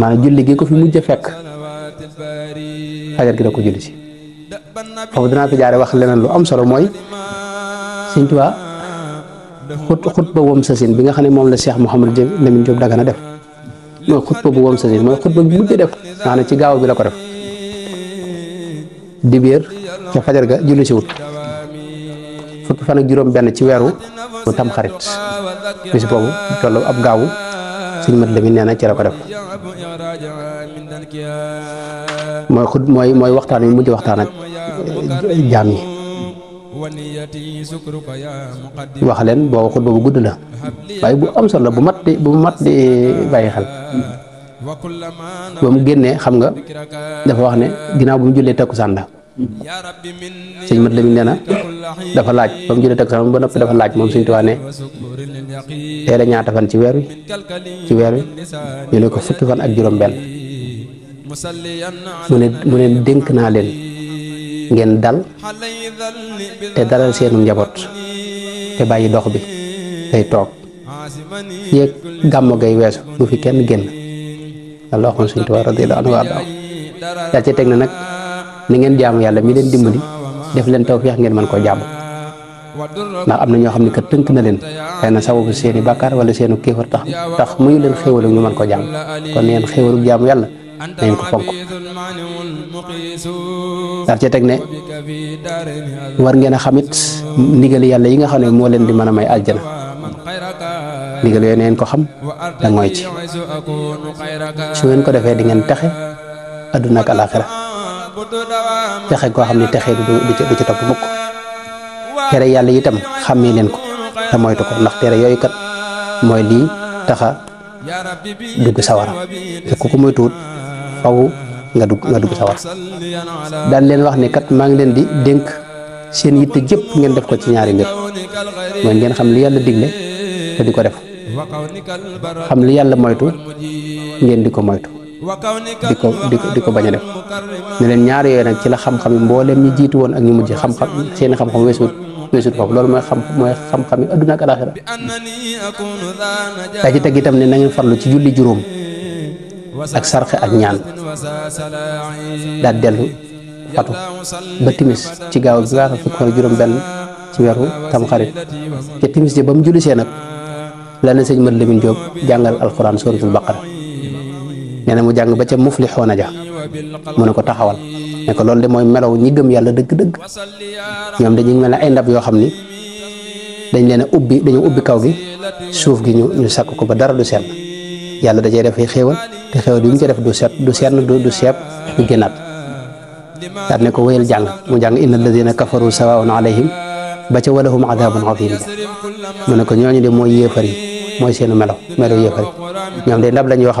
maanaam julli gi ko fi mujj a fekk fajar gi da ko julli si foofu dinaa fi wax leneen lu am solo mooy Sëñ Tuubaa xut xutba wom sasin bi nga xam ne moom la seex Cheikh Mouhamadou Lamine Diop Dagana def mooy xutba bu wom sasin mooy xutba bi mujj a def maanaam ci gaaw bi la ko def dibéer ca fajar ga julli si wut fukki juróom benn ci weeru mu tam xarit bis boobu tollu ab gaawu sëñ mat la mi nee na ci la ko def mooy xud mooy waxtaan wi mujj waxtaan ak eh, jaam yi wax leen booba xutba bu gudd la waaye bu am solo la bu mat bu mat di bàyyi xel ba mu génnee xam nga dafa wax ne ginnaaw bu mu jullee takkusaan la sëñ mat lamin na dafa laaj ba mu tak teg sama ba noppi dafa laaj moom sëñ Tuubaa ne tey la ñaata fan ci weer wi ci weer wi ñu ne ko fukki fan ak juróom benn mu ne mu ne dénk naa leen ngeen dal te dalal seenu njaboot te bàyyi dox bi day toog yéeg gàmmo gay weesu bu fi kenn génn la waxoon sëñ Tuubaa radiyallaahu anhu daa ci na ni ngeen jaamu yalla mi leen dimbali def leen tawfiix ngeen man ko jaamu ndax na ñoo xam ne kat tënk na leen xëy na sababu seen i bàkkaar wala seenu kefer tax tax muy leen xéewalu ñu man ko jaamu kon ngeen xéewalu jaamu yalla nañ ko fonk dar ci tek ne war ngeen xamit ndigal yalla yi nga xam mo leen di mëna may aljana ndigal yooyu neen ko xam da ngooy ci su ngeen ko defee di ngeen texe aduna ak alakhirah texe goo xam ne texe du ci du ci topp mukk tere yàlla itam xàmmee leen ko te moytu ko ndax tere yooyu kat mooy lii taxa dugg sawara te ku ko moytuwut faw nga dugg nga dugg sawara daan leen wax ne kat maa ngi leen di dénk seen yitte jëpp ngeen def ko ci ñaari mbir mooy ngeen xam li yàlla digle te di ko def xam li yàlla moytu ngeen di ko moytu Dikau ko di ko di ko kami boleh def ne leen ñaar yooyu nag ci la xam-xam yi mbooleem ñi jiitu woon ak ñu mujj xam-xam seen xam-xam weesuut weesuut foofu loolu mooy xam mooy xam-xam yi ak alaxira daa ci teg ne na ngeen farlu ci julli juróom ak sarxe ak ñaan daal dellu fatu ba timis ci gaaw bi baax fukk ak juróom benn ci weeru tamxarit ca timis ji ba la na alquran suratul baqara nee mu jang ba ca muflihuna ja mu ne ko taxawal ne ko lolou de moy melaw ñi gëm yàlla deug dëgg ñoom dañuy mel ay ndab yo xamni dañ leena ubbi dañu ubbi kaw gi suuf gi ñu ñu sakku ko ba dara du sen yalla da cee def xewal te xewal yu ñu ci def du set du sen du du seeb du génnaat daal ne ko wéyal jang mu jang inna alladina kafaru sawaa'un alayhim ba ca walahum 'adhabun 'adheem mu ne ko ñu de moy yéefar moy seenu melaw melaw yéefar yi de ndab lañ yoo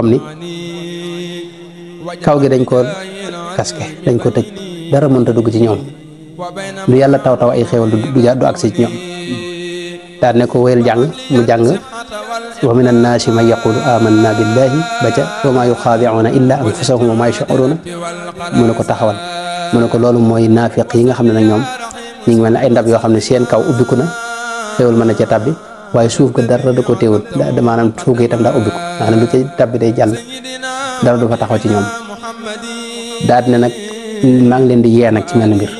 kaw gi dañ koo kaske dañ ko tëj dara mënta dugg ci ñoom lu yàlla taw taw ay xéewal du du agsi ci ñoom daal ne ko wéyal jàng mu jàng wa min annaasi man yaqulu amanna billahi ba ca wa maa yuxaadicuuna illa anfusahum wa maa yashcuruuna mu ne ko taxawal mu ne ko loolu mooy naafiq yi nga xam ne nag ñoom ñu ngi mel ne ay ndab yoo xam ne seen kaw ubbiku na xéewal mën na ca tàbbi waaye suuf ko dara da ko téewul maanaam suuf ga itam daa ubbiku maanaam lu ca tàbbi day jàll dara du fa taxaw ci ñoom daal ne nag maa ngi leen di yee nag ci mel mbir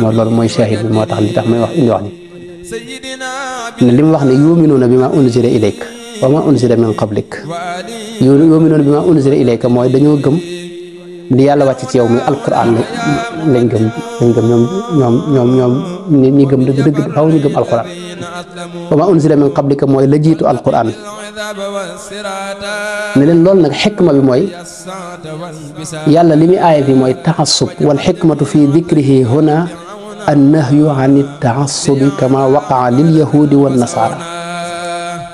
moo loolu mooy shahid moo tax li tax may wax indi wax ni ne li mu wax ne yuminuuna bi ma unzila ilayk wa ma unzila min qablik yuminuuna bi ma unzila ilayka mooy dañoo gëm li yàlla wàcc ci yow mi alquran lañ gëm lañ gëm ñoom ñoom ñoom ñoom ñi gëm dëgg dëgg faw ñu gëm alquran wa ma unzila min qablika mooy la jiitu alquran ne leen loolu nag xikma bi mooy yàlla li muy aaya bi mooy taxasub wal xikmatu fi dikrihi huna annahyu an taxasubi kama waqaa lil yahudi wan nasaara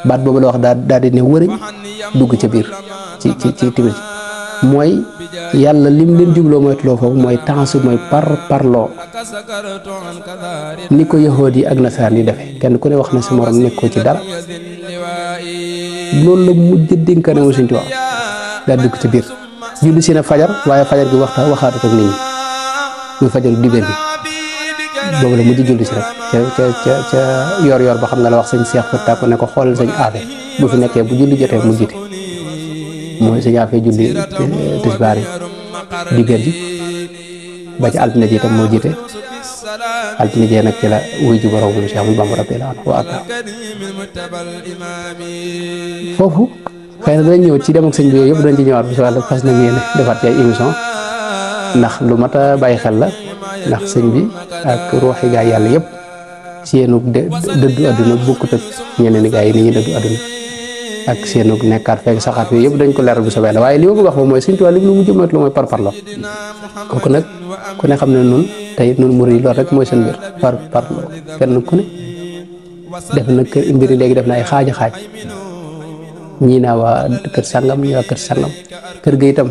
baat boobu la wax daal daal di ne wërëñ dugg ca biir ci ci ci moy yalla lim leen moy moytuloo foofu moy tansu moy par parlo niko ko ak nasaraan yi defe ken ku ne wax na sa morom neko ci dal non la mujj dénkaane wu suñ tubaab daa ci bir julli si na fajar waya fajar gi waxta waxata ak nit ñi muy fajaru dibéer bi boobu la mujj julli ci rek ca ca ca yor yor ba xam nga la wax sëñ cheikh ko ne ko xol sëñ ade bu fi nekkee bu julli jotee mu jiite mooy sa yaa fee julli eh, tisbaar yi dibéer ji ba ci altine ji itam moo jiite altine ji nag ci la wuy ji borom Cheikh Ahmadou Bamba radiyallaahu anhu wa arda foofu xëy na ñëw ci dem sëñ bi yëpp dañ ci ñëwaat bu soobee yàlla fas na ngeen defaat ci ay émission ndax lu mat a bàyyi xel la ndax sëñ bi ak ruuxi gaa yàlla yëpp ci yéenu dëddu àdduna bokkut ak ñeneen gaa yi ni ñuy dëddu àdduna ak seenug nekkaat fekk saxaat yooyu yëpp dañ ko leeral bu sa la waaye li ma ko wax moom mooy Sëñ Tuubaa li mu jëmmat lu mooy parparloo kooku nag ku ne xam ne noonu tey noonu murid yi loolu rek mooy seen mbir par parloo kenn ku ne def na kër mbir léegi def na ay xaaja xaaj ñii naa waa kër sangam ñii waa kër sangam kër gi itam